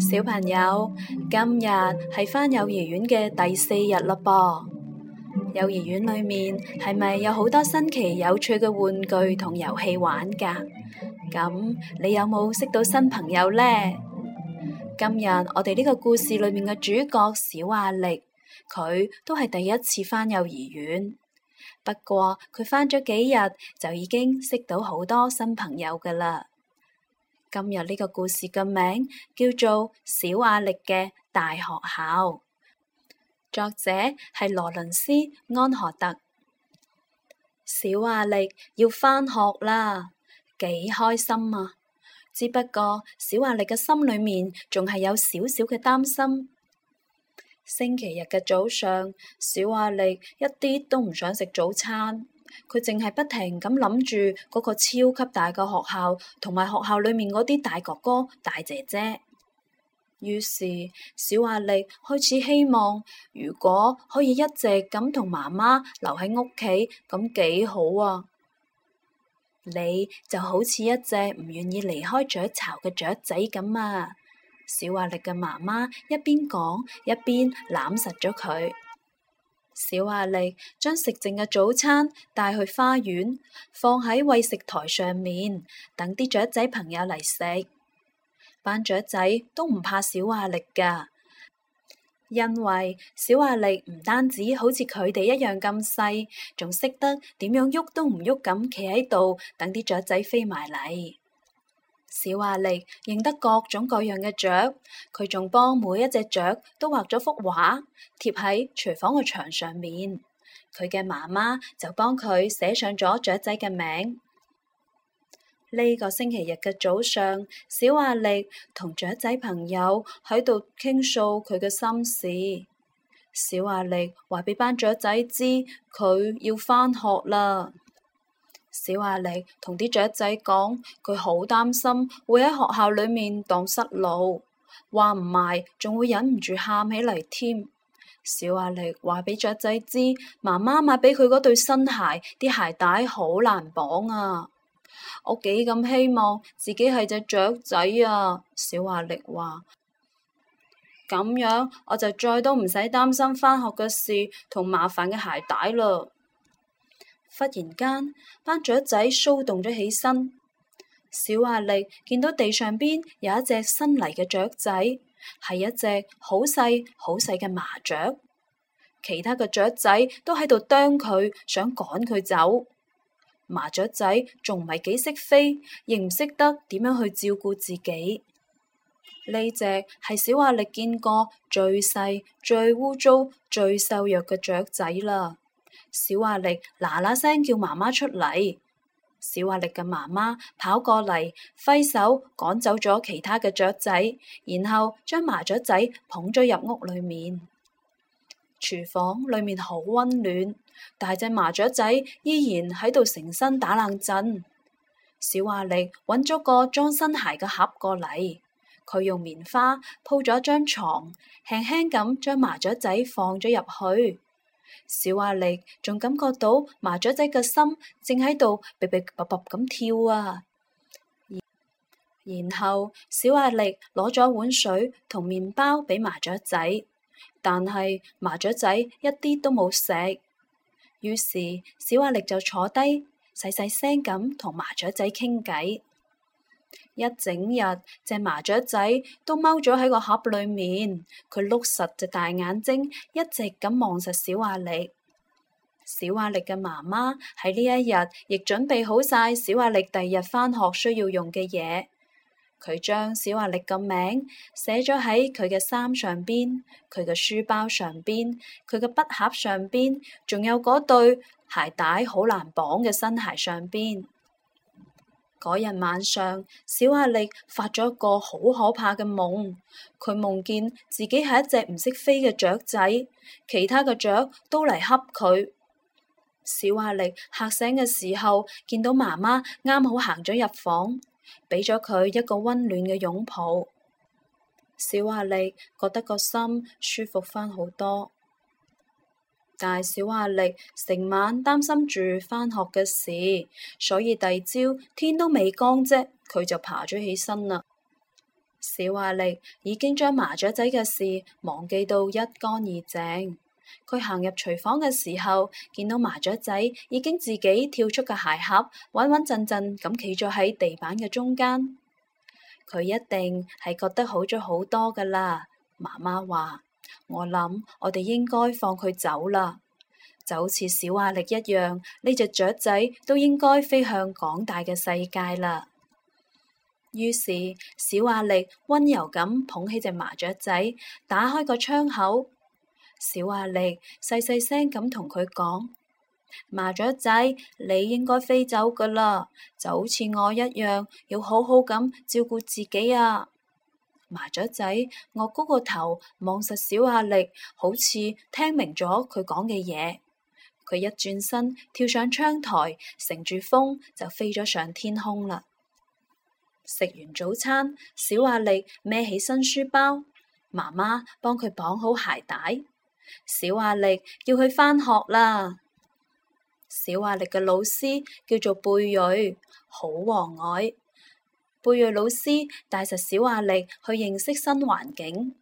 小朋友，今日係返幼兒園嘅第四日啦噃！幼兒園裏面係咪有好多新奇有趣嘅玩具同遊戲玩噶？咁你有冇識到新朋友呢？今日我哋呢個故事裏面嘅主角小阿力，佢都係第一次返幼兒園，不過佢返咗幾日就已經識到好多新朋友噶啦。今日呢個故事嘅名叫做《小阿力嘅大學校》，作者係羅倫斯安荷特。小阿力要返學啦，幾開心啊！只不過小阿力嘅心裏面仲係有少少嘅擔心。星期日嘅早上，小阿力一啲都唔想食早餐。佢淨係不停咁諗住嗰個超級大嘅學校，同埋學校裏面嗰啲大哥哥、大姐姐。於是小阿力開始希望，如果可以一直咁同媽媽留喺屋企，咁幾好啊！你就好似一隻唔願意離開雀巢嘅雀仔咁啊！小阿力嘅媽媽一邊講，一邊攬實咗佢。小阿力將食剩嘅早餐帶去花園，放喺餵食台上面，等啲雀仔朋友嚟食。班雀仔都唔怕小阿力㗎，因為小阿力唔單止好似佢哋一樣咁細，仲識得點樣喐都唔喐咁企喺度，等啲雀仔飛埋嚟。小阿力認得各種各樣嘅雀，佢仲幫每一隻雀都畫咗幅畫，貼喺廚房嘅牆上面。佢嘅媽媽就幫佢寫上咗雀仔嘅名。呢、這個星期日嘅早上，小阿力同雀仔朋友喺度傾訴佢嘅心事。小阿力話俾班雀仔知佢要返學啦。小阿力同啲雀仔講，佢好擔心會喺學校裏面蕩失路，話唔埋仲會忍唔住喊起嚟添。小阿力話俾雀仔知，媽媽買俾佢嗰對新鞋，啲鞋帶好難綁啊！我幾咁希望自己係隻雀仔啊！小阿力話，咁樣我就再都唔使擔心返學嘅事同麻煩嘅鞋帶啦。忽然間，班雀仔騷動咗起身。小阿力見到地上邊有一隻新嚟嘅雀仔，係一隻好細好細嘅麻雀。其他嘅雀仔都喺度啄佢，想趕佢走。麻雀仔仲唔係幾識飛，亦唔識得點樣去照顧自己。呢隻係小阿力見過最細、最污糟、最瘦弱嘅雀仔啦。小阿力嗱嗱聲叫媽媽出嚟，小阿力嘅媽媽跑過嚟，揮手趕走咗其他嘅雀仔，然後將麻雀仔捧咗入屋裏面。廚房裏面好溫暖，大隻麻雀仔依然喺度成身打冷震。小阿力揾咗個裝新鞋嘅盒過嚟，佢用棉花鋪咗張床，輕輕咁將麻雀仔放咗入去。小阿力仲感覺到麻雀仔嘅心正喺度嗶嗶叭叭咁跳啊！然後小阿力攞咗碗水同麵包俾麻雀仔，但係麻雀仔一啲都冇食。於是小阿力就坐低細細聲咁同麻雀仔傾偈。一整日，隻麻雀仔都踎咗喺個盒裏面，佢碌實隻大眼睛，一直咁望實小阿力。小阿力嘅媽媽喺呢一日，亦準備好晒小阿力第日返學需要用嘅嘢。佢將小阿力嘅名寫咗喺佢嘅衫上邊，佢嘅書包上邊，佢嘅筆盒上邊，仲有嗰對鞋帶好難綁嘅新鞋上邊。嗰日晚上，小阿力發咗一個好可怕嘅夢，佢夢見自己係一隻唔識飛嘅雀仔，其他嘅雀都嚟恰佢。小阿力吓醒嘅時候，見到媽媽啱好行咗入房，畀咗佢一個温暖嘅擁抱。小阿力覺得個心舒服返好多。但小阿力成晚擔心住返學嘅事，所以第二朝天，天都未光啫，佢就爬咗起身啦。小阿力已經將麻雀仔嘅事忘記到一乾二淨。佢行入廚房嘅時候，見到麻雀仔已經自己跳出個鞋盒，穩穩陣陣咁企咗喺地板嘅中間。佢一定係覺得好咗好多噶啦，媽媽話。我諗我哋應該放佢走啦，就好似小阿力一樣，呢隻雀仔都應該飛向廣大嘅世界啦。於是小阿力温柔咁捧起隻麻雀仔，打開個窗口，小阿力細細聲咁同佢講：麻雀仔，你應該飛走噶啦，就好似我一樣，要好好咁照顧自己啊。麻雀仔，我高個頭望實小阿力，好似聽明咗佢講嘅嘢。佢一轉身跳上窗台，乘住風就飛咗上天空啦。食完早餐，小阿力孭起新書包，媽媽幫佢綁好鞋帶。小阿力要去返學啦。小阿力嘅老師叫做貝瑞，好和藹。貝瑞老師帶着小阿力去認識新環境，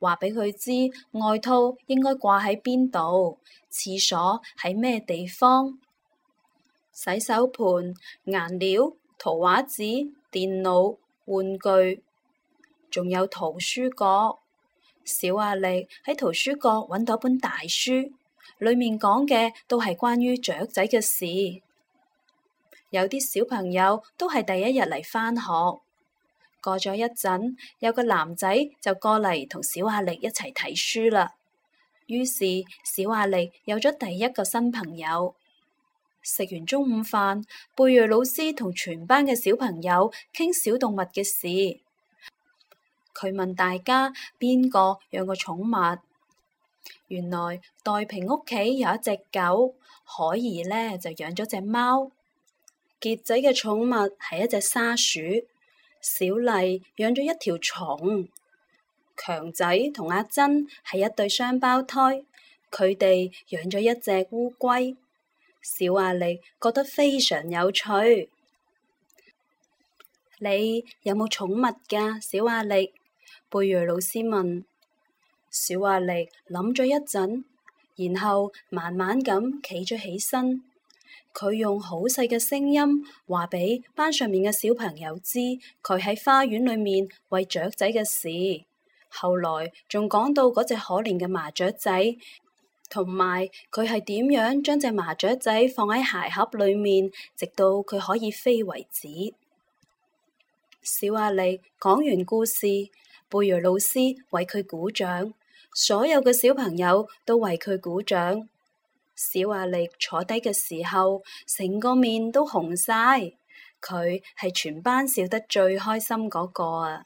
話俾佢知外套應該掛喺邊度，廁所喺咩地方，洗手盤、顏料、圖畫紙、電腦、玩具，仲有圖書角。小阿力喺圖書角揾到本大書，裏面講嘅都係關於雀仔嘅事。有啲小朋友都係第一日嚟返學。過咗一陣，有個男仔就過嚟同小阿力一齊睇書啦。於是小阿力有咗第一個新朋友。食完中午飯，貝瑞老師同全班嘅小朋友傾小動物嘅事。佢問大家邊個養過寵物？原來代平屋企有一隻狗，海怡呢就養咗隻貓。杰仔嘅寵物係一隻沙鼠，小麗養咗一條蟲，強仔同阿珍係一對雙胞胎，佢哋養咗一隻烏龜。小阿力覺得非常有趣。你有冇寵物噶，小阿力？貝瑞老師問。小阿力諗咗一陣，然後慢慢咁企咗起身。佢用好細嘅聲音話俾班上面嘅小朋友知，佢喺花園裏面餵雀仔嘅事，後來仲講到嗰隻可憐嘅麻雀仔，同埋佢係點樣將隻麻雀仔放喺鞋盒裏面，直到佢可以飛為止。小阿力講完故事，貝瑞老師為佢鼓掌，所有嘅小朋友都為佢鼓掌。小阿力坐低嘅時候，成個面都紅晒。佢係全班笑得最開心嗰個啊！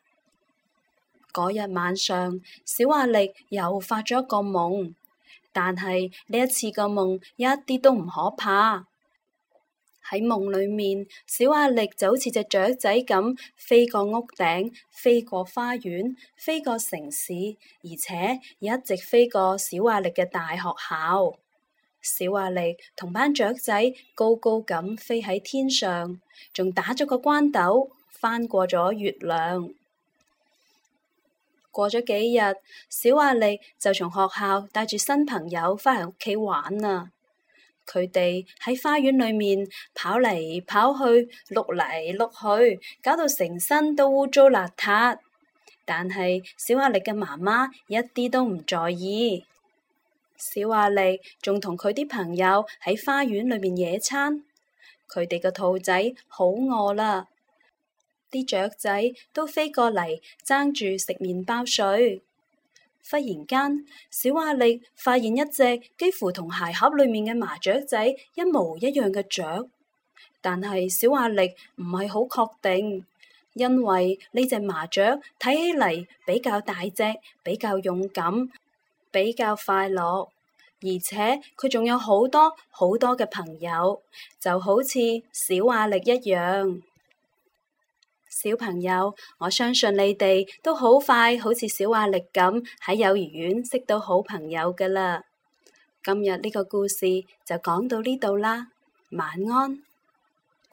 嗰日晚上，小阿力又發咗一個夢，但係呢一次嘅夢一啲都唔可怕。喺夢裏面，小阿力就好似隻雀仔咁，飛過屋頂，飛過花園，飛過城市，而且一直飛過小阿力嘅大學校。小阿力同班雀仔高高咁飛喺天上，仲打咗個關斗，翻過咗月亮。過咗幾日，小阿力就從學校帶住新朋友返嚟屋企玩啦。佢哋喺花園裏面跑嚟跑去，碌嚟碌去，搞到成身都污糟邋遢。但係小阿力嘅媽媽一啲都唔在意。小阿力仲同佢啲朋友喺花園裏面野餐，佢哋個兔仔好餓啦，啲雀仔都飛過嚟爭住食麵包碎。忽然間，小阿力發現一隻幾乎同鞋盒裏面嘅麻雀仔一模一樣嘅雀，但係小阿力唔係好確定，因為呢隻麻雀睇起嚟比較大隻，比較勇敢，比較快樂。而且佢仲有好多好多嘅朋友，就好似小阿力一樣。小朋友，我相信你哋都好快好似小阿力咁喺幼兒園識到好朋友㗎喇。今日呢個故事就講到呢度啦，晚安。